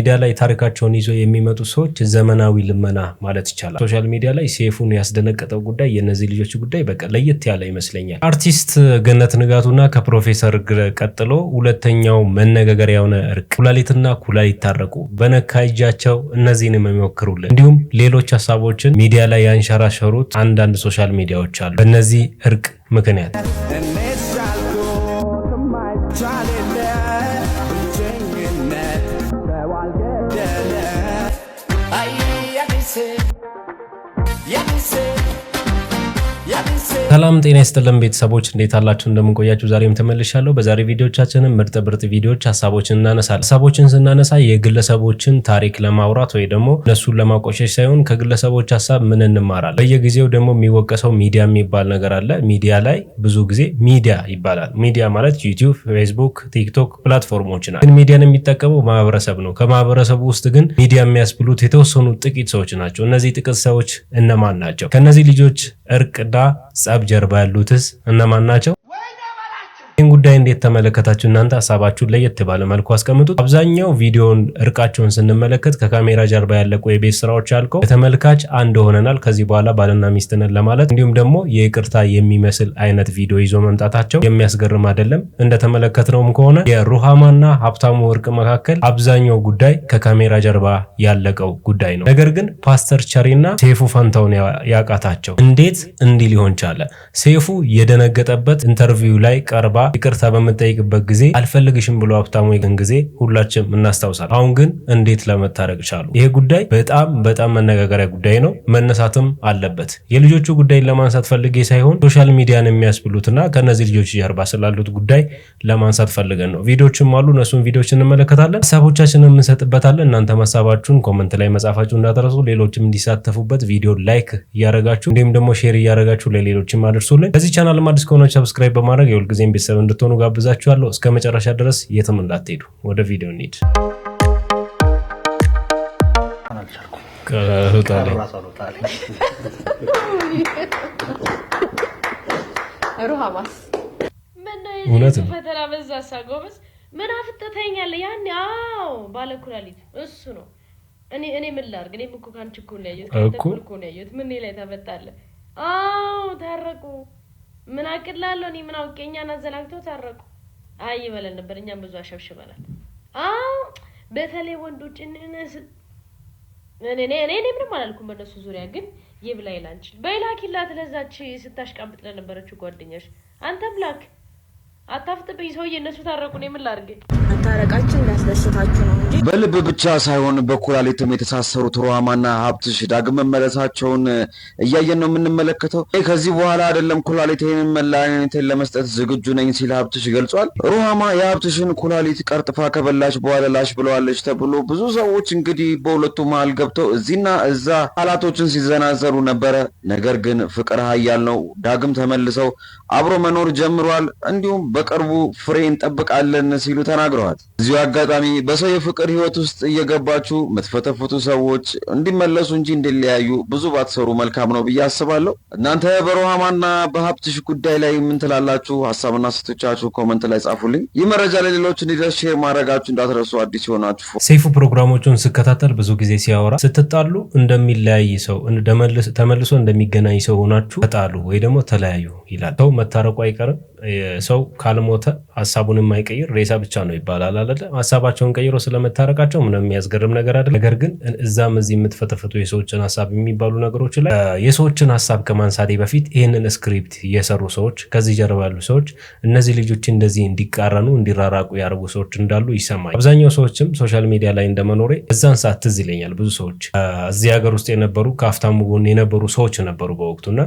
ሚዲያ ላይ ታሪካቸውን ይዞ የሚመጡ ሰዎች ዘመናዊ ልመና ማለት ይቻላል። ሶሻል ሚዲያ ላይ ሴፉን ያስደነቀጠው ጉዳይ የእነዚህ ልጆች ጉዳይ በቃ ለየት ያለ ይመስለኛል። አርቲስት ገነት ንጋቱና ከፕሮፌሰር ቀጥሎ ሁለተኛው መነጋገሪያ የሆነ እርቅ ኩላሊትና ኩላሊት ታረቁ በነካ እጃቸው እነዚህን የሚሞክሩልን እንዲሁም ሌሎች ሀሳቦችን ሚዲያ ላይ ያንሸራሸሩት አንዳንድ ሶሻል ሚዲያዎች አሉ። በእነዚህ እርቅ ምክንያት ሰላም ጤና ይስጥልን ቤተሰቦች እንዴት አላችሁ? እንደምንቆያችሁ ዛሬም ተመልሻለሁ። በዛሬ ቪዲዮቻችንም ምርጥ ብርጥ ቪዲዮዎች ሀሳቦችን እናነሳለን። ሀሳቦችን ስናነሳ የግለሰቦችን ታሪክ ለማውራት ወይ ደግሞ እነሱን ለማቆሸሽ ሳይሆን ከግለሰቦች ሀሳብ ምን እንማራለን። በየጊዜው ደግሞ የሚወቀሰው ሚዲያ የሚባል ነገር አለ። ሚዲያ ላይ ብዙ ጊዜ ሚዲያ ይባላል። ሚዲያ ማለት ዩቲዩብ፣ ፌስቡክ፣ ቲክቶክ ፕላትፎርሞች ናቸው። ግን ሚዲያን የሚጠቀመው ማህበረሰብ ነው። ከማህበረሰቡ ውስጥ ግን ሚዲያ የሚያስብሉት የተወሰኑ ጥቂት ሰዎች ናቸው። እነዚህ ጥቂት ሰዎች እነማን ናቸው? ከእነዚህ ልጆች እርቅዳ ጸብ ጀርባ ያሉትስ እነማን ናቸው? ጉዳይ እንዴት ተመለከታችሁ? እናንተ ሀሳባችሁን ለየት ባለ መልኩ አስቀምጡት። አብዛኛው ቪዲዮን እርቃቸውን ስንመለከት ከካሜራ ጀርባ ያለቁ የቤት ስራዎች አልቀው በተመልካች አንድ ሆነናል። ከዚህ በኋላ ባልና ሚስትንን ለማለት እንዲሁም ደግሞ የይቅርታ የሚመስል አይነት ቪዲዮ ይዞ መምጣታቸው የሚያስገርም አይደለም። እንደተመለከትነውም ከሆነ የሩሃማና ሀብታሙ ወርቅ መካከል አብዛኛው ጉዳይ ከካሜራ ጀርባ ያለቀው ጉዳይ ነው። ነገር ግን ፓስተር ቸሪና ሴፉ ፈንታውን ያቃታቸው እንዴት እንዲህ ሊሆን ቻለ? ሴፉ የደነገጠበት ኢንተርቪው ላይ ቀርባ ይቅር ይቅርታ በምጠይቅበት ጊዜ አልፈልግሽም ብሎ ሀብታሙ ግን ጊዜ ሁላችንም እናስታውሳል። አሁን ግን እንዴት ለመታረቅ ቻሉ? ይሄ ጉዳይ በጣም በጣም መነጋገሪያ ጉዳይ ነው፣ መነሳትም አለበት። የልጆቹ ጉዳይን ለማንሳት ፈልጌ ሳይሆን ሶሻል ሚዲያን የሚያስብሉትና ከነዚህ ልጆች ጀርባ ስላሉት ጉዳይ ለማንሳት ፈልገን ነው። ቪዲዮችም አሉ፣ እነሱን ቪዲዮች እንመለከታለን፣ ሀሳቦቻችን እንሰጥበታለን። እናንተ ሀሳባችሁን ኮመንት ላይ መጻፋችሁ እንዳትረሱ፣ ሌሎችም እንዲሳተፉበት ቪዲዮ ላይክ እያደረጋችሁ እንዲሁም ደግሞ ሼር እያደረጋችሁ ለሌሎችም አድርሱልን። በዚህ ቻናል አዲስ ከሆናችሁ ሰብስክራይብ በማድረግ የሁልጊዜም ቤተሰብ እንድትሆ እንድትሆኑ ጋብዛችኋለሁ። እስከ መጨረሻ ድረስ የትም እንዳትሄዱ። ወደ ቪዲዮ እንሂድ። እውነት ነው። ፈተና በዛ ሳጎመስ ምን አፍጥተኛለህ? ያኔ አዎ፣ ባለ ኩላሊት እሱ ነው። እኔ እኔ ምን ላድርግ? እኔም እኮ ከአንቺ እኮ ነው ያየሁት፣ ከአንተ እኮ ነው ያየሁት። ምን ላይ ተፈጣለህ? አዎ፣ ታረቁ ምን አቅላለሁ እኔ ምን አውቄ እኛን ታረቁ። አይ ይበለን ነበር እኛም ብዙ አሸብሽበናል። አዎ በተለይ ወንዶች እንነስ እኔ እኔ ምንም አላልኩም በእነሱ ዙሪያ ግን ይብላይል አንችል በይላኪላት ለዛች ስታሽቃብጥ ለነበረችው ጓደኛሽ አንተም ላክ አታፍጥብኝ ሰውዬ። እነሱ ታረቁ፣ እኔ ምን ላድርግ? መታረቃችን ነው እንጂ በልብ ብቻ ሳይሆን በኩላሊትም የተሳሰሩት ሩሃማና ሀብትሽ ዳግም መመለሳቸውን እያየን ነው የምንመለከተው። ከዚህ በኋላ አይደለም ኩላሊቴን መላኔቴን ለመስጠት ዝግጁ ነኝ ሲል ሀብትሽ ገልጿል። ሩሃማ የሀብትሽን ኩላሊት ቀርጥፋ ከበላሽ በኋላ ላሽ ብለዋለች ተብሎ ብዙ ሰዎች እንግዲህ በሁለቱ መሀል ገብተው እዚህና እዛ አላቶችን ሲዘናዘሩ ነበረ። ነገር ግን ፍቅር ሀያል ነው። ዳግም ተመልሰው አብሮ መኖር ጀምሯል። እንዲሁም በቅርቡ ፍሬ እንጠብቃለን ሲሉ ተናግረዋል። እዚሁ አጋጣሚ በሰው የፍቅር ህይወት ውስጥ እየገባችሁ የምትፈተፍቱ ሰዎች እንዲመለሱ እንጂ እንዲለያዩ ብዙ ባትሰሩ መልካም ነው ብዬ አስባለሁ። እናንተ በሮሃማና በሀብትሽ ጉዳይ ላይ ምን ትላላችሁ? ሀሳብና ሴቶቻችሁ ኮመንት ላይ ጻፉልኝ። ይህ መረጃ ለሌሎች እንዲደርስ ሼር ማድረጋችሁ እንዳትረሱ። አዲስ የሆናችሁ ሰይፉ ፕሮግራሞቹን ስከታተል ብዙ ጊዜ ሲያወራ ስትጣሉ እንደሚለያይ ሰው ተመልሶ እንደሚገናኝ ሰው ሆናችሁ ተጣሉ ወይ ደግሞ ተለያዩ ይላል። ሰው መታረቁ አይቀርም ሰው ካልሞተ ሀሳቡን የማይቀይር ሬሳ ብቻ ነው ይባላል አለ። ሀሳባቸውን ቀይሮ ስለመታረቃቸው ምንም የሚያስገርም ነገር አይደለም። ነገር ግን እዛም እዚህ የምትፈተፍቱ የሰዎችን ሀሳብ የሚባሉ ነገሮች ላይ የሰዎችን ሀሳብ ከማንሳቴ በፊት ይህንን ስክሪፕት የሰሩ ሰዎች፣ ከዚህ ጀርባ ያሉ ሰዎች እነዚህ ልጆች እንደዚህ እንዲቃረኑ እንዲራራቁ ያደርጉ ሰዎች እንዳሉ ይሰማል። አብዛኛው ሰዎችም ሶሻል ሚዲያ ላይ እንደመኖሬ እዛን ሰዓት ትዝ ይለኛል ብዙ ሰዎች እዚህ ሀገር ውስጥ የነበሩ ከሀብታሙ ጎን የነበሩ ሰዎች ነበሩ በወቅቱና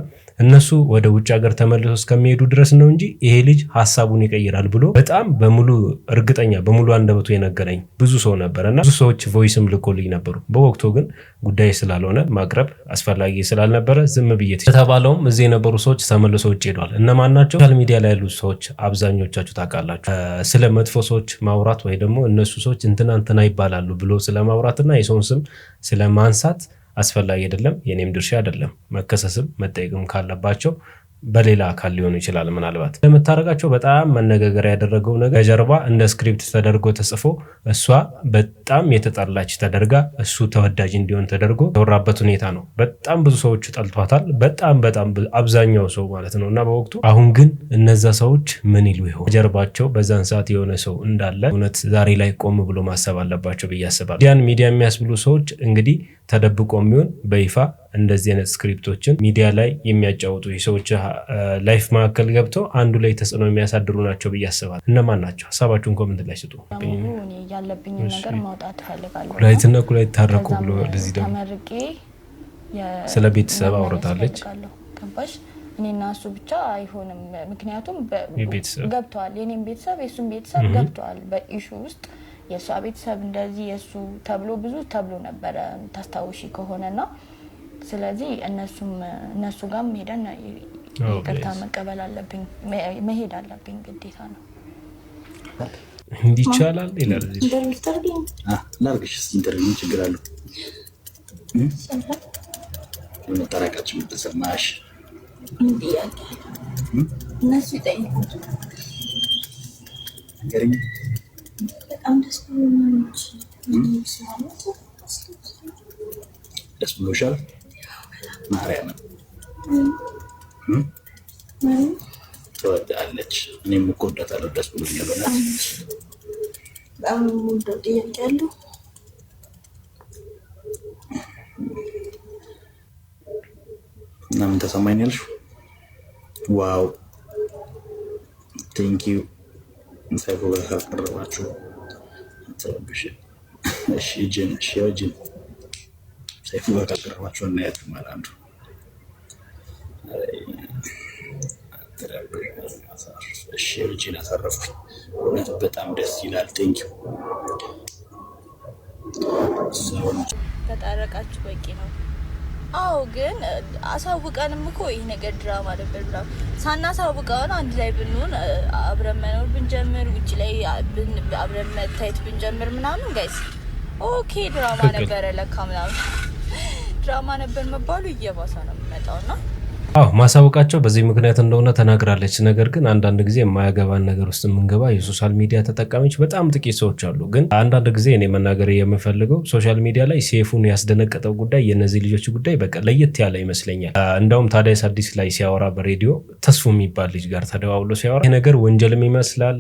እነሱ ወደ ውጭ ሀገር ተመልሰው እስከሚሄዱ ድረስ ነው እንጂ ይሄ ልጅ ሀሳቡን ይቀይራል ብሎ በጣም በሙሉ እርግጠኛ በሙሉ አንደበቱ የነገረኝ ብዙ ሰው ነበረ እና ብዙ ሰዎች ቮይስም ልኮልኝ ነበሩ። በወቅቱ ግን ጉዳይ ስላልሆነ ማቅረብ አስፈላጊ ስላልነበረ ዝም ብዬ ከተባለውም እዚህ የነበሩ ሰዎች ተመልሶ ውጭ ሄደዋል። እነማን ናቸው? ሶሻል ሚዲያ ላይ ያሉ ሰዎች አብዛኞቻችሁ ታውቃላችሁ። ስለ መጥፎ ሰዎች ማውራት ወይ ደግሞ እነሱ ሰዎች እንትና እንትና ይባላሉ ብሎ ስለማውራትና የሰውን ስም ስለማንሳት አስፈላጊ አይደለም፣ የኔም ድርሻ አይደለም። መከሰስም መጠየቅም ካለባቸው በሌላ አካል ሊሆኑ ይችላል። ምናልባት ለመታረቃቸው በጣም መነጋገር ያደረገው ነገር ከጀርባ እንደ ስክሪፕት ተደርጎ ተጽፎ እሷ በጣም የተጠላች ተደርጋ እሱ ተወዳጅ እንዲሆን ተደርጎ የተወራበት ሁኔታ ነው። በጣም ብዙ ሰዎች ጠልቷታል። በጣም በጣም አብዛኛው ሰው ማለት ነው እና በወቅቱ አሁን ግን እነዛ ሰዎች ምን ይሉ ይሆን? ከጀርባቸው በዛን ሰዓት የሆነ ሰው እንዳለ እውነት ዛሬ ላይ ቆም ብሎ ማሰብ አለባቸው ብዬ አስባለሁ። ሚዲያን ሚዲያ የሚያስብሉ ሰዎች እንግዲህ ተደብቆ የሚሆን በይፋ እንደዚህ አይነት ስክሪፕቶችን ሚዲያ ላይ የሚያጫውጡ የሰዎች ላይፍ መካከል ገብተው አንዱ ላይ ተጽዕኖ የሚያሳድሩ ናቸው ብዬ አስባለሁ። እነማን ናቸው? ሀሳባችሁን ኮመንት ላይ ስጡ። ያለብኝ ነገር ማውጣት እፈልጋለሁ። ኩላሊትና ኩላሊት ታረቁ ብሎ ለዚህ ደግሞ ስለ ቤተሰብ አውርታለች። ገባሽ? እኔና እሱ ብቻ አይሆንም። ምክንያቱም ገብተዋል፣ የኔም ቤተሰብ የእሱም ቤተሰብ ገብተዋል በኢሹ ውስጥ የእሷ ቤተሰብ እንደዚህ የእሱ ተብሎ ብዙ ተብሎ ነበረ ታስታውሺ ከሆነና ስለዚህ እነሱም እነሱ ጋርም ሄደን oh, ይቅርታ መቀበል አለብኝ መሄድ አለብኝ ግዴታ ነው። እንዲቻላል ላርግሽ ስ ኢንተርቪው ችግር አለ? መጠራቃች ምትሰማሽ እነሱ ይጠይቁት ብሎ ደስ ብሎሻል። ማርያምን ትወዳለች። እኔም እኮ ወዳታለሁ። ደስ ብሎኛል። በጣም ወደው ጥያቄ ያለው እና ምን ተሰማኝ ነው ያልሽው? ዋው ቴንኪዩ ሳይኮ ጋር ካቀረባችሁ ተብሽ እሺ፣ እጅን እሺ፣ ያው እጅን ካቀረባችሁ እናያችሁ ማለት አንዱ እሺ ልጄን አሳረፍኩኝ። እውነት በጣም ደስ ይላል። ቴንኪው። ተጣረቃችሁ በቂ ነው። አዎ ግን አሳውቀንም እኮ ይህ ነገር ድራማ ነበር ብላ ሳናሳውቀውን አንድ ላይ ብንሆን አብረን መኖር ብንጀምር ውጭ ላይ አብረን መታየት ብንጀምር ምናምን ጋይስ ኦኬ ድራማ ነበረ ለካ ምናምን ድራማ ነበር መባሉ እየባሰ ነው የሚመጣው እና አዎ ማሳወቃቸው በዚህ ምክንያት እንደሆነ ተናግራለች። ነገር ግን አንዳንድ ጊዜ የማያገባን ነገር ውስጥ የምንገባ የሶሻል ሚዲያ ተጠቃሚዎች በጣም ጥቂት ሰዎች አሉ። ግን አንዳንድ ጊዜ እኔ መናገር የምፈልገው ሶሻል ሚዲያ ላይ ሴፉን ያስደነቀጠው ጉዳይ የእነዚህ ልጆች ጉዳይ በቃ ለየት ያለ ይመስለኛል። እንደውም ታዲያስ አዲስ ላይ ሲያወራ በሬዲዮ ተስፉ የሚባል ልጅ ጋር ተደዋውሎ ሲያወራ ይህ ነገር ወንጀልም ይመስላል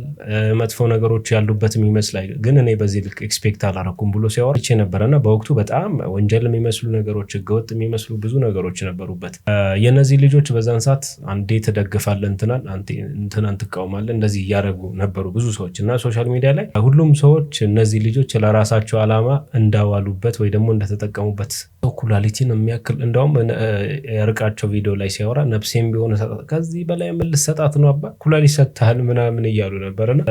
መጥፎ ነገሮች ያሉበትም ይመስላል። ግን እኔ በዚህ ልክ ኤክስፔክት አላረኩም ብሎ ሲያወራ ይቼ ነበረና በወቅቱ በጣም ወንጀል የሚመስሉ ነገሮች፣ ህገወጥ የሚመስሉ ብዙ ነገሮች ነበሩበት የነዚህ ልጆች በዛን ሰዓት አንዴ ትደግፋለህ እንትናል እንትናን ትቃውማለህ እንደዚህ እያደረጉ ነበሩ ብዙ ሰዎች እና ሶሻል ሚዲያ ላይ ሁሉም ሰዎች እነዚህ ልጆች ለራሳቸው ዓላማ እንዳዋሉበት ወይ ደግሞ እንደተጠቀሙበት ኩላሊትን የሚያክል እንደውም ያርቃቸው ቪዲዮ ላይ ሲያወራ ነፍሴም ቢሆን ከዚህ በላይ ምን ልሰጣት ነው አባ ኩላሊት ሰጥተሃል ምናምን እያሉ ነበርና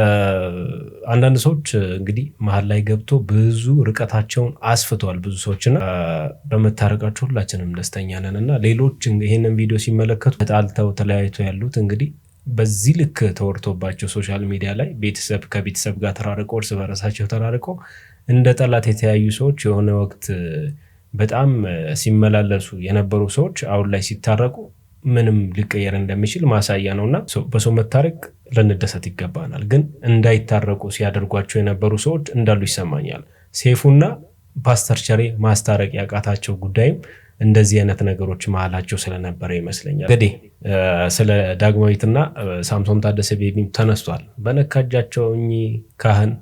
አንዳንድ ሰዎች እንግዲህ መሀል ላይ ገብቶ ብዙ ርቀታቸውን አስፍተዋል ብዙ ሰዎችና በመታረቃቸው ሁላችንም ደስተኛ ነን እና ሌሎች ይህንን ቪዲዮ ሲመለከቱ ተጣልተው ተለያይተው ያሉት እንግዲህ በዚህ ልክ ተወርቶባቸው ሶሻል ሚዲያ ላይ ቤተሰብ ከቤተሰብ ጋር ተራርቆ እርስ በርሳቸው ተራርቆ እንደ ጠላት የተለያዩ ሰዎች የሆነ ወቅት በጣም ሲመላለሱ የነበሩ ሰዎች አሁን ላይ ሲታረቁ ምንም ሊቀየር እንደሚችል ማሳያ ነውና በሰው መታረቅ ልንደሰት ይገባናል። ግን እንዳይታረቁ ሲያደርጓቸው የነበሩ ሰዎች እንዳሉ ይሰማኛል። ሴፉና ፓስተር ቸሬ ማስታረቅ ያቃታቸው ጉዳይም እንደዚህ አይነት ነገሮች መሀላቸው ስለነበረ ይመስለኛል። ገዴ ስለ ዳግማዊትና ሳምሶን ታደሰ ቤቢም ተነስቷል። በነካጃቸው እኚህ ካህን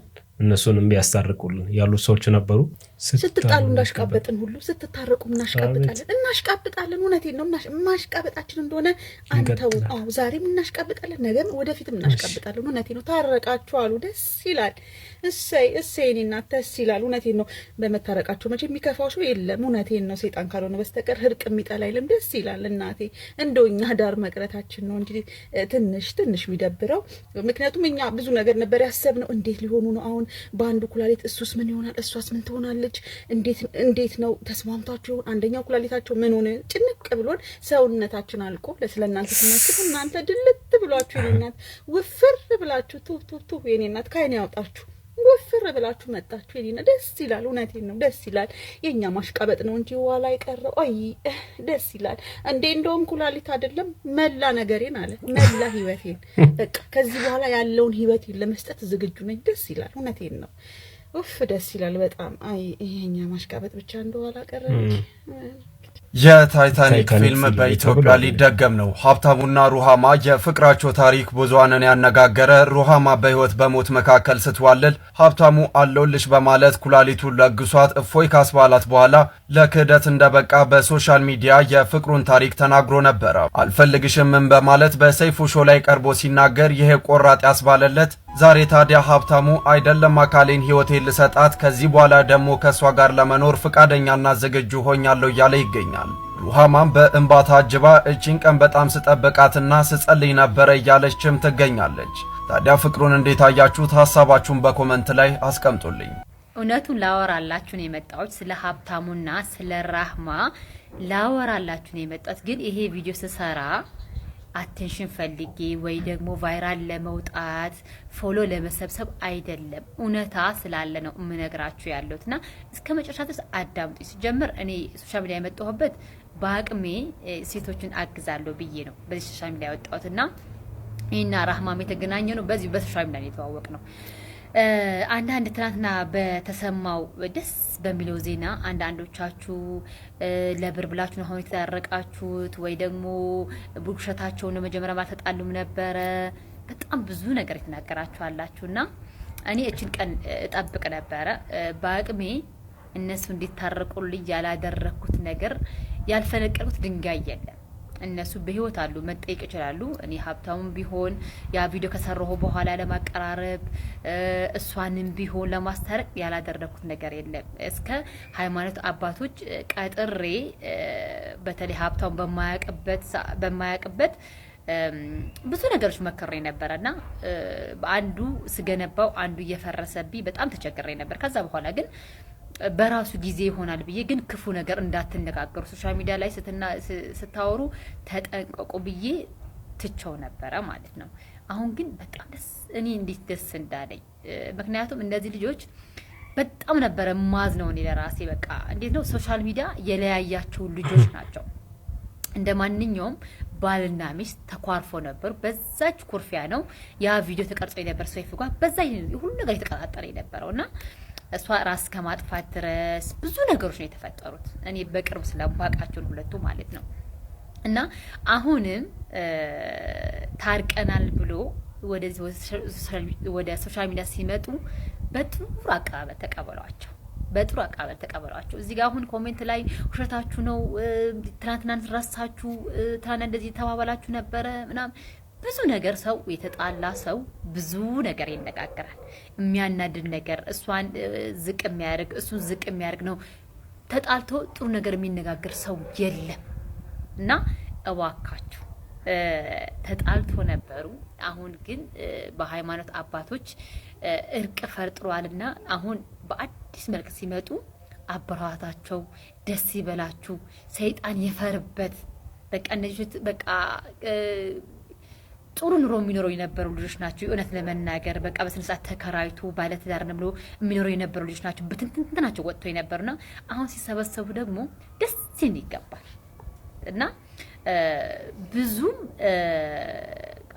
እነሱን የሚያስታርቁልን ያሉት ሰዎች ነበሩ። ስትጣሉ እንዳሽቃበጥን ሁሉ ስትታረቁም እናሽቃብጣለን እናሽቃብጣለን። እውነቴን ነው ማሽቃበጣችን እንደሆነ አንተው። አዎ ዛሬም እናሽቃብጣለን፣ ነገም ወደፊትም እናሽቃብጣለን። እውነቴን ነው። ታረቃችሁ አሉ ደስ ይላል። እሰይ እሰይ፣ እኔ ደስ ይላል። እውነቴን ነው። በመታረቃቸው መቼ የሚከፋው ሰው የለም። እውነቴን ነው። ሴጣን ካልሆነ በስተቀር እርቅ የሚጠላ የለም። ደስ ይላል እናቴ። እንደው እኛ ዳር መቅረታችን ነው እንጂ ትንሽ ትንሽ የሚደብረው። ምክንያቱም እኛ ብዙ ነገር ነበር ያሰብነው። እንዴት ሊሆኑ ነው አሁን በአንዱ ኩላሊት እሱስ ምን ይሆናል እሷስ ምን ትሆናለች ልጅ እንዴት ነው ተስማምታችሁ አንደኛው ኩላሊታቸው ምን ሆነ? ጭንቅ ብሎን ሰውነታችን አልቆ ስለ እናንተ ስናስብ እናንተ ድልት ብሏችሁ የኔ እናት ውፍር ብላችሁ ቱቱቱ የኔ እናት ከአይን ያውጣችሁ ውፍር ብላችሁ መጣችሁ። የኔ ደስ ይላል። እውነቴን ነው ደስ ይላል። የእኛ ማሽቃበጥ ነው እንጂ ዋላ የቀረው ይ ደስ ይላል እንዴ! እንደውም ኩላሊት አይደለም መላ ነገሬን አለ መላ ህይወቴን በቃ ከዚህ በኋላ ያለውን ህይወቴን ለመስጠት ዝግጁ ነኝ። ደስ ይላል። እውነቴን ነው ኡፍ ደስ ይላል በጣም። አይ ይሄኛ ማሽቃበጥ ብቻ እንደኋላ አላቀረበች። የታይታኒክ ፊልም በኢትዮጵያ ሊደገም ነው። ሀብታሙና ሩሃማ የፍቅራቸው ታሪክ ብዙሃንን ያነጋገረ፣ ሩሃማ በህይወት በሞት መካከል ስትዋልል ሀብታሙ አለውልሽ በማለት ኩላሊቱን ለግሷት እፎይ ካስባላት በኋላ ለክህደት እንደበቃ በሶሻል ሚዲያ የፍቅሩን ታሪክ ተናግሮ ነበረ። አልፈልግሽምም በማለት በሰይፉ ሾ ላይ ቀርቦ ሲናገር ይሄ ቆራጥ ያስባለለት ዛሬ ታዲያ ሀብታሙ አይደለም አካሌን ህይወቴን ልሰጣት ከዚህ በኋላ ደግሞ ከእሷ ጋር ለመኖር ፍቃደኛና ዝግጁ ሆኛለሁ እያለ ይገኛል። ሩሃማም በእንባ ታጅባ እቺን ቀን በጣም ስጠብቃትና ስጸልይ ነበረ እያለችም ትገኛለች። ታዲያ ፍቅሩን እንዴት አያችሁት? ሀሳባችሁን በኮመንት ላይ አስቀምጡልኝ። እውነቱን ላወራላችሁ ነው የመጣሁት። ስለ ሀብታሙና ስለ ራህማ ላወራላችሁ ነው የመጣሁት። ግን ይሄ ቪዲዮ ስሰራ አቴንሽን ፈልጌ ወይ ደግሞ ቫይራል ለመውጣት ፎሎ ለመሰብሰብ አይደለም፣ እውነታ ስላለ ነው የምነግራችሁ ያለሁት እና እስከ መጨረሻ ድረስ አዳምጡ። ሲጀምር እኔ ሶሻል ሚዲያ የመጣሁበት በአቅሜ ሴቶችን አግዛለሁ ብዬ ነው በዚህ ሶሻል ሚዲያ ያወጣሁት እና ይህና ራህማም የተገናኘ ነው በዚህ በሶሻል ሚዲያ የተዋወቅ ነው አንዳንድ ትናንትና በተሰማው ደስ በሚለው ዜና አንዳንዶቻችሁ ለብር ብላችሁ ነው አሁን የተታረቃችሁት፣ ወይ ደግሞ ቡድሸታቸውን ነው መጀመሪያ ባልተጣሉም ነበረ። በጣም ብዙ ነገር የተናገራችሁ እና እኔ እችን ቀን እጠብቅ ነበረ። በአቅሜ እነሱ እንዲታረቁልኝ ያላደረግኩት ነገር ያልፈነቀልኩት ድንጋይ የለም። እነሱ በህይወት አሉ፣ መጠየቅ ይችላሉ። እኔ ሀብታሙም ቢሆን ያ ቪዲዮ ከሰራሁ በኋላ ለማቀራረብ እሷንም ቢሆን ለማስታረቅ ያላደረኩት ነገር የለም። እስከ ሃይማኖት አባቶች ቀጥሬ በተለይ ሀብታሙ በማያቅበት ብዙ ነገሮች መከሬ ነበረ እና አንዱ ስገነባው አንዱ እየፈረሰብኝ በጣም ተቸግሬ ነበር። ከዛ በኋላ ግን በራሱ ጊዜ ይሆናል ብዬ ግን ክፉ ነገር እንዳትነጋገሩ ሶሻል ሚዲያ ላይ ስታወሩ ተጠንቀቁ ብዬ ትቸው ነበረ ማለት ነው። አሁን ግን በጣም ደስ እኔ እንዴት ደስ እንዳለኝ ምክንያቱም እነዚህ ልጆች በጣም ነበረ ማዝ ነው። እኔ ለራሴ በቃ እንዴት ነው ሶሻል ሚዲያ የለያያቸው ልጆች ናቸው። እንደ ማንኛውም ባልና ሚስት ተኳርፎ ነበሩ። በዛች ኩርፊያ ነው ያ ቪዲዮ ተቀርጾ የነበር ሰው ይፍጓ በዛ ሁሉ ነገር የተቀጣጠረ የነበረው እና እሷ ራስ ከማጥፋት ድረስ ብዙ ነገሮች ነው የተፈጠሩት። እኔ በቅርብ ስለባቃቸውን ሁለቱ ማለት ነው። እና አሁንም ታርቀናል ብሎ ወደ ሶሻል ሚዲያ ሲመጡ በጥሩ አቀባበል ተቀበሏቸው። በጥሩ አቀባበል ተቀበሏቸው። እዚህ ጋር አሁን ኮሜንት ላይ ውሸታችሁ ነው፣ ትናንትናን ረሳችሁ፣ ትናንትና እንደዚህ የተባባላችሁ ነበረ ምናምን ብዙ ነገር ሰው የተጣላ ሰው ብዙ ነገር ይነጋገራል። የሚያናድድ ነገር እሷን ዝቅ የሚያደርግ እሱን ዝቅ የሚያደርግ ነው። ተጣልቶ ጥሩ ነገር የሚነጋገር ሰው የለም እና እባካችሁ ተጣልቶ ነበሩ። አሁን ግን በሃይማኖት አባቶች እርቅ ፈርጥሯልና አሁን በአዲስ መልክ ሲመጡ አበረታታቸው። ደስ ይበላችሁ። ሰይጣን የፈርበት በቃ እነዚህ በቃ ጥሩ ኑሮ የሚኖረው የነበሩ ልጆች ናቸው። የእውነት ለመናገር በቃ በስነስርዓት ተከራይቶ ባለትዳር ብሎ የሚኖረው የነበሩ ልጆች ናቸው። ብትንትንት ናቸው ወጥተው ና አሁን ሲሰበሰቡ ደግሞ ደስ ይገባል እና ብዙም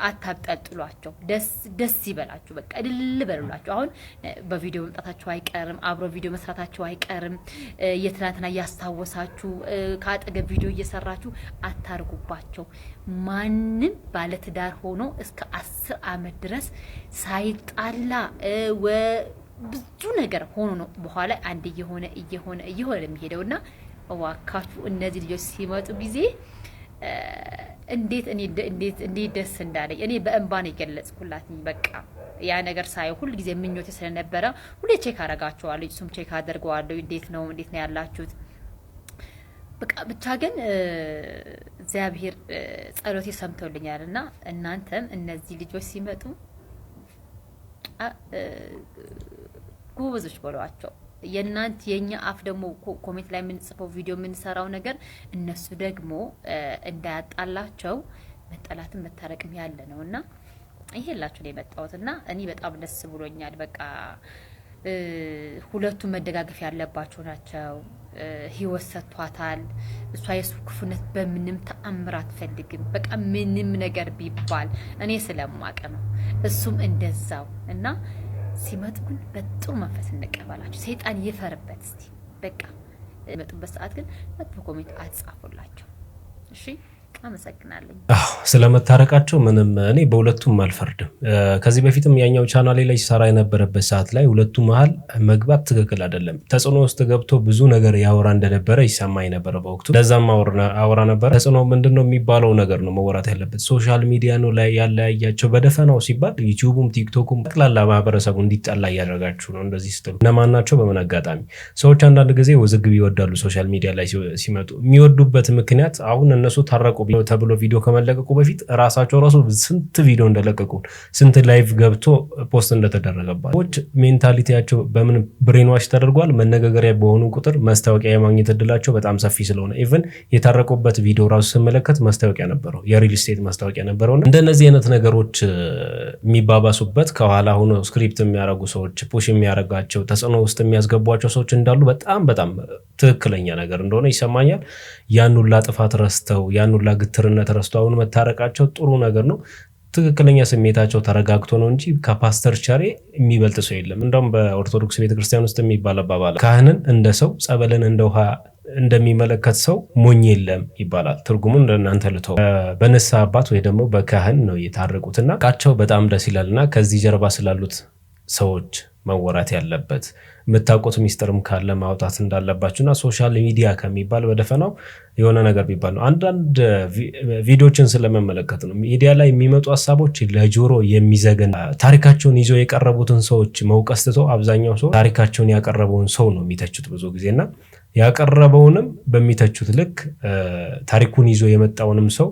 አታብጠልጥሏቸው። ደስ ደስ ይበላችሁ፣ በቃ እልል በሉላችሁ። አሁን በቪዲዮ መምጣታችሁ አይቀርም፣ አብሮ ቪዲዮ መስራታችሁ አይቀርም። የትናንትና እያስታወሳችሁ ከአጠገብ ቪዲዮ እየሰራችሁ አታርጉባቸው። ማንም ባለትዳር ሆኖ እስከ አስር አመት ድረስ ሳይጣላ ብዙ ነገር ሆኖ ነው በኋላ አንድ እየሆነ እየሆነ እየሆነ የሚሄደው እና እባካችሁ እነዚህ ልጆች ሲመጡ ጊዜ እንዴት እንዴት ደስ እንዳለኝ እኔ በእንባ ነው የገለጽኩላትኝ። በቃ ያ ነገር ሳይ ሁል ጊዜ ምኞቴ ስለነበረ ሁሌ ቼክ አረጋቸዋለሁ፣ እሱም ቼክ አደርገዋለሁ። እንዴት ነው እንዴት ነው ያላችሁት? በቃ ብቻ ግን እግዚአብሔር ጸሎቴ ሰምቶልኛል እና እናንተም እነዚህ ልጆች ሲመጡ ጎበዞች በሏቸው። የእናንት የእኛ አፍ ደግሞ ኮሜንት ላይ የምንጽፈው ቪዲዮ የምንሰራው ነገር እነሱ ደግሞ እንዳያጣላቸው መጠላትን መታረቅም ያለ ነው እና ይሄ ላችሁ ነው የመጣሁት እና እኔ በጣም ደስ ብሎኛል። በቃ ሁለቱም መደጋገፍ ያለባቸው ናቸው። ህይወት ሰጥቷታል። እሷ የሱ ክፉነት በምንም ተአምር አትፈልግም። በቃ ምንም ነገር ቢባል እኔ ስለማቅ ነው እሱም እንደዛው እና ሲመጡን በጥሩ መንፈስ እንቀበላቸው። ሰይጣን ይፈርበት። እስቲ በቃ መጡበት ሰዓት ግን መጥፎ ኮሜንት አትጻፉላቸው እሺ። አመሰግናለሁ ስለመታረቃቸው ምንም እኔ በሁለቱም አልፈርድም። ከዚህ በፊትም ያኛው ቻናሌ ላይ ሲሰራ የነበረበት ሰዓት ላይ ሁለቱ መሀል መግባት ትክክል አይደለም። ተጽዕኖ ውስጥ ገብቶ ብዙ ነገር ያወራ እንደነበረ ይሰማ ነበረ በወቅቱ ለዛም አወራ ነበረ። ተጽዕኖ ምንድን ነው የሚባለው ነገር ነው መወራት ያለበት። ሶሻል ሚዲያ ነው ላይ ያለያያቸው በደፈናው ሲባል ዩቲዩቡም ቲክቶኩም ጠቅላላ ማህበረሰቡ እንዲጠላ እያደረጋችሁ ነው። እንደዚህ ስትሉ እነማን ናቸው? በምን አጋጣሚ ሰዎች አንዳንድ ጊዜ ውዝግብ ይወዳሉ። ሶሻል ሚዲያ ላይ ሲመጡ የሚወዱበት ምክንያት አሁን እነሱ ታረቁ ተብሎ ቪዲዮ ከመለቀቁ በፊት ራሳቸው ራሱ ስንት ቪዲዮ እንደለቀቁ ስንት ላይቭ ገብቶ ፖስት እንደተደረገባች ሜንታሊቲያቸው በምን ብሬንዋሽ ተደርጓል። መነጋገሪያ በሆኑ ቁጥር መስታወቂያ የማግኘት እድላቸው በጣም ሰፊ ስለሆነ ኢቨን የታረቁበት ቪዲዮ ራሱ ስመለከት መስታወቂያ ነበረው፣ የሪል ስቴት መስታወቂያ ነበረው። እንደነዚህ አይነት ነገሮች የሚባባሱበት ከኋላ ሆኖ ስክሪፕት የሚያደርጉ ሰዎች ፑሽ የሚያደርጋቸው ተጽዕኖ ውስጥ የሚያስገቧቸው ሰዎች እንዳሉ በጣም በጣም ትክክለኛ ነገር እንደሆነ ይሰማኛል። ያን ሁላ ጥፋት ረስተው ያን ሁላ ግትርነት ረስቶ አሁን መታረቃቸው ጥሩ ነገር ነው። ትክክለኛ ስሜታቸው ተረጋግቶ ነው እንጂ ከፓስተር ቸሬ የሚበልጥ ሰው የለም። እንደውም በኦርቶዶክስ ቤተክርስቲያን ውስጥ የሚባል አባባል ካህንን እንደ ሰው ጸበልን እንደ ውሃ እንደሚመለከት ሰው ሞኝ የለም ይባላል። ትርጉሙ እንደናንተ ልተው። በንስሐ አባት ወይ ደግሞ በካህን ነው የታረቁትና ቃቸው በጣም ደስ ይላልና ከዚህ ጀርባ ስላሉት ሰዎች መወራት ያለበት የምታውቁት ሚስጥርም ካለ ማውጣት እንዳለባችሁ እና ሶሻል ሚዲያ ከሚባል በደፈናው የሆነ ነገር ቢባል ነው። አንዳንድ ቪዲዮችን ስለመመለከት ነው ሚዲያ ላይ የሚመጡ ሀሳቦች ለጆሮ የሚዘገን ታሪካቸውን ይዞ የቀረቡትን ሰዎች መውቀስ ትቶ አብዛኛው ሰው ታሪካቸውን ያቀረበውን ሰው ነው የሚተቹት ብዙ ጊዜና ያቀረበውንም በሚተቹት ልክ ታሪኩን ይዞ የመጣውንም ሰው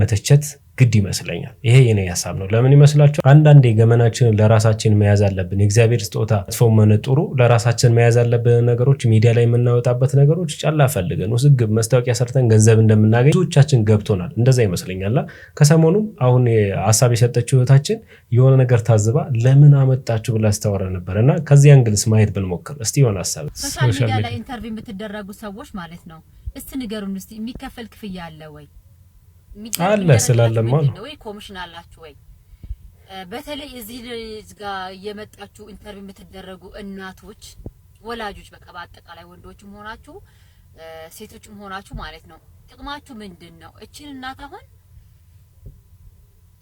መተቸት ግድ ይመስለኛል። ይሄ የኔ ሀሳብ ነው። ለምን ይመስላቸው? አንዳንዴ ገመናችንን ለራሳችን መያዝ አለብን። የእግዚአብሔር ስጦታ ጥፎ መነ ጥሩ ለራሳችን መያዝ አለብን። ነገሮች ሚዲያ ላይ የምናወጣበት ነገሮች ጫላ ፈልገን ውስግብ መስታወቂያ ሰርተን ገንዘብ እንደምናገኝ ብዙዎቻችን ገብቶናል። እንደዛ ይመስለኛል። ከሰሞኑም አሁን ሀሳብ የሰጠችው እህታችን የሆነ ነገር ታዝባ ለምን አመጣችሁ ብላ አስተዋረ ነበር እና ከዚህ አንግልስ ማየት ብንሞክር እስቲ የሆነ ሀሳብ ሶሻል ሚዲያ ላይ ኢንተርቪው የምትደረጉ ሰዎች ማለት ነው። እስቲ ንገሩን፣ እስቲ የሚከፈል ክፍያ አለ ወይ? አለ ስላለማ ነው ወይ ኮሚሽን አላችሁ ወይ? በተለይ እዚህ ጋር እየመጣችሁ ኢንተርቪው የምትደረጉ እናቶች፣ ወላጆች በቃ በአጠቃላይ ወንዶችም ሆናችሁ ሴቶችም ሆናችሁ ማለት ነው ጥቅማችሁ ምንድን ነው? እችን እናት አሁን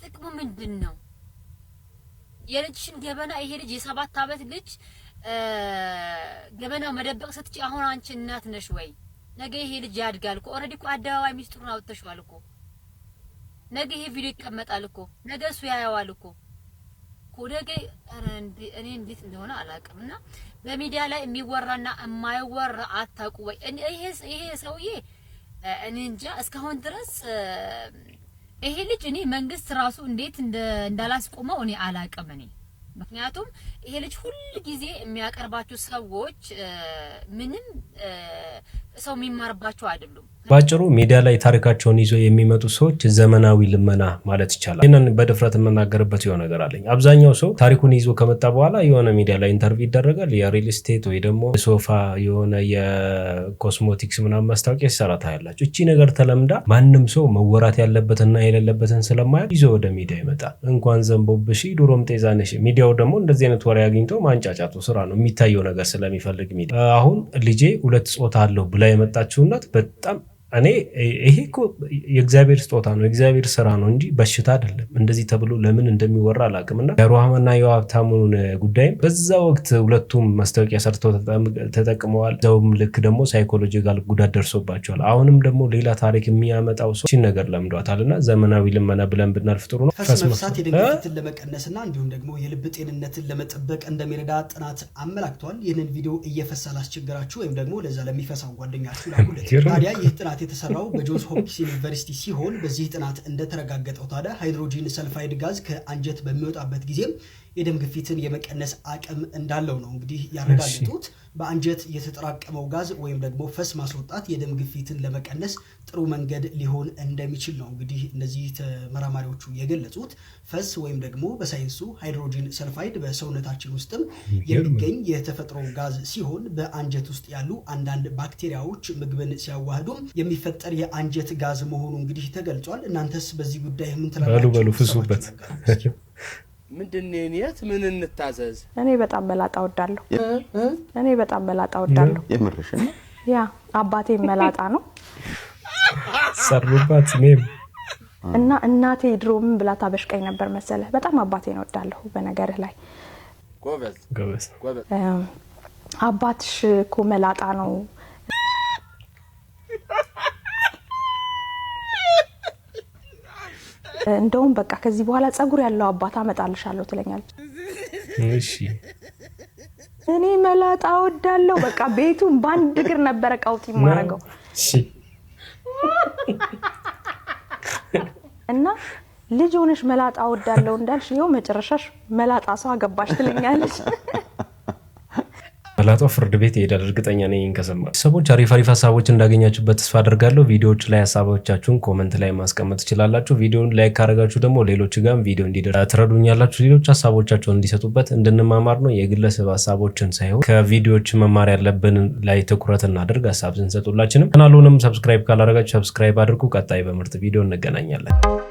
ጥቅሙ ምንድን ነው? የልጅሽን ገበና ይሄ ልጅ የሰባት አመት ልጅ ገበናው መደበቅ ስትች አሁን አንቺ እናት ነሽ ወይ? ነገ ይሄ ልጅ ያድጋል እኮ ኦልሬዲ እኮ አደባባይ ሚስጥሩን አውጥተሽዋል እኮ ነገ ይሄ ቪዲዮ ይቀመጣል እኮ ነገ እሱ ያየዋል እኮ ኮደገ እኔ እንዴት እንደሆነ አላውቅም። እና በሚዲያ ላይ የሚወራና የማይወራ አታውቁ ወይ? ይሄ ሰውዬ እኔ እንጃ እስካሁን ድረስ ይሄ ልጅ እኔ መንግስት ራሱ እንዴት እንዳላስቆመው እኔ አላውቅም። እኔ ምክንያቱም ይሄ ልጅ ሁል ጊዜ የሚያቀርባቸው ሰዎች ምንም ሰው የሚማርባቸው አይደሉም። ባጭሩ ሚዲያ ላይ ታሪካቸውን ይዞ የሚመጡ ሰዎች ዘመናዊ ልመና ማለት ይቻላል። ይህንን በድፍረት የምናገርበት የሆነ ነገር አለኝ። አብዛኛው ሰው ታሪኩን ይዞ ከመጣ በኋላ የሆነ ሚዲያ ላይ ኢንተርቪው ይደረጋል። የሪል ስቴት ወይ ደግሞ የሶፋ የሆነ የኮስሞቲክስ ምናምን ማስታወቂያ ሲሰራ ታያላችሁ። እቺ ነገር ተለምዳ ማንም ሰው መወራት ያለበትና የሌለበትን ስለማያውቅ ይዞ ወደ ሚዲያ ይመጣል። እንኳን ዘንቦብሽ ዱሮም ጤዛ ነሽ። ሚዲያው ደግሞ እንደዚህ አይነት ወሬ አግኝቶ ማንጫጫቱ ስራ ነው የሚታየው ነገር ስለሚፈልግ ሚዲያ አሁን ልጄ ሁለት ጾታ አለው ብላ የመጣችው እናት በጣም እኔ ይሄ እኮ የእግዚአብሔር ስጦታ ነው፣ የእግዚአብሔር ስራ ነው እንጂ በሽታ አይደለም። እንደዚህ ተብሎ ለምን እንደሚወራ አላውቅም። እና የሩሃማና የሀብታሙን ጉዳይም በዛ ወቅት ሁለቱም ማስታወቂያ ሰርተው ተጠቅመዋል። እዛውም ልክ ደግሞ ሳይኮሎጂካል ጉዳት ደርሶባቸዋል። አሁንም ደግሞ ሌላ ታሪክ የሚያመጣው ሰው ሲን ነገር ለምዷታል። እና ዘመናዊ ልመና ብለን ብናልፍ ጥሩ ነው። ፈስ መፍሳት የደም ለመቀነስና እንዲሁም ደግሞ የልብ ጤንነትን ለመጠበቅ እንደሚረዳ ጥናት አመላክተዋል። ይህንን ቪዲዮ እየፈሳ ላስቸገራችሁ ወይም ደግሞ ለዛ ለሚፈሳው ጓደኛችሁ ላኩለት። ታዲያ ይህ ጥናት ጥናት የተሰራው በጆንስ ሆፕኪንስ ዩኒቨርሲቲ ሲሆን በዚህ ጥናት እንደተረጋገጠው ታዲያ ሃይድሮጂን ሰልፋይድ ጋዝ ከአንጀት በሚወጣበት ጊዜ የደም ግፊትን የመቀነስ አቅም እንዳለው ነው እንግዲህ ያረጋገጡት። በአንጀት የተጠራቀመው ጋዝ ወይም ደግሞ ፈስ ማስወጣት የደም ግፊትን ለመቀነስ ጥሩ መንገድ ሊሆን እንደሚችል ነው እንግዲህ እነዚህ ተመራማሪዎቹ የገለጹት። ፈስ ወይም ደግሞ በሳይንሱ ሃይድሮጂን ሰልፋይድ በሰውነታችን ውስጥም የሚገኝ የተፈጥሮ ጋዝ ሲሆን በአንጀት ውስጥ ያሉ አንዳንድ ባክቴሪያዎች ምግብን ሲያዋህዱም የሚፈጠር የአንጀት ጋዝ መሆኑ እንግዲህ ተገልጿል። እናንተስ በዚህ ጉዳይ ምን ትላላችሁ? ምንድን የት ምን እንታዘዝ? እኔ በጣም መላጣ ወዳለሁ። እኔ በጣም መላጣ ወዳለሁ። ነው? ያ አባቴ መላጣ ነው። ሰሩባት ሜም እና እናቴ ድሮ ምን ብላ ታበሽቀኝ ነበር መሰለህ? በጣም አባቴን ወዳለሁ። በነገርህ ላይ ጎበዝ ጎበዝ። አባትሽ እኮ መላጣ ነው እንደውም በቃ ከዚህ በኋላ ጸጉር ያለው አባት አመጣልሻለሁ ትለኛለች። እኔ መላጣ ወዳለው በቃ ቤቱን በአንድ እግር ነበረ ቀውጢ የማደርገው እና ልጅ ሆነሽ መላጣ ወዳለው እንዳልሽ ይኸው መጨረሻሽ መላጣ ሰው አገባሽ ትለኛለች። መላጣው ፍርድ ቤት ይሄዳል። እርግጠኛ ነኝ ከሰማ ሰዎች አሪፍ አሪፍ ሀሳቦች እንዳገኛችሁበት ተስፋ አድርጋለሁ። ቪዲዮዎች ላይ ሀሳቦቻችሁን ኮመንት ላይ ማስቀመጥ ትችላላችሁ። ቪዲዮን ላይክ ካደረጋችሁ ደግሞ ሌሎች ጋርም ቪዲዮ እንዲደርስ ትረዱኛላችሁ። ሌሎች ሀሳቦቻቸውን እንዲሰጡበት እንድንማማር ነው። የግለሰብ ሀሳቦችን ሳይሆን ከቪዲዮዎች መማር ያለብን ላይ ትኩረት እናድርግ። ሀሳብ ስንሰጡላችንም ካናሉንም ሰብስክራይብ ካላደረጋችሁ ሰብስክራይብ አድርጉ። ቀጣይ በምርጥ ቪዲዮ እንገናኛለን።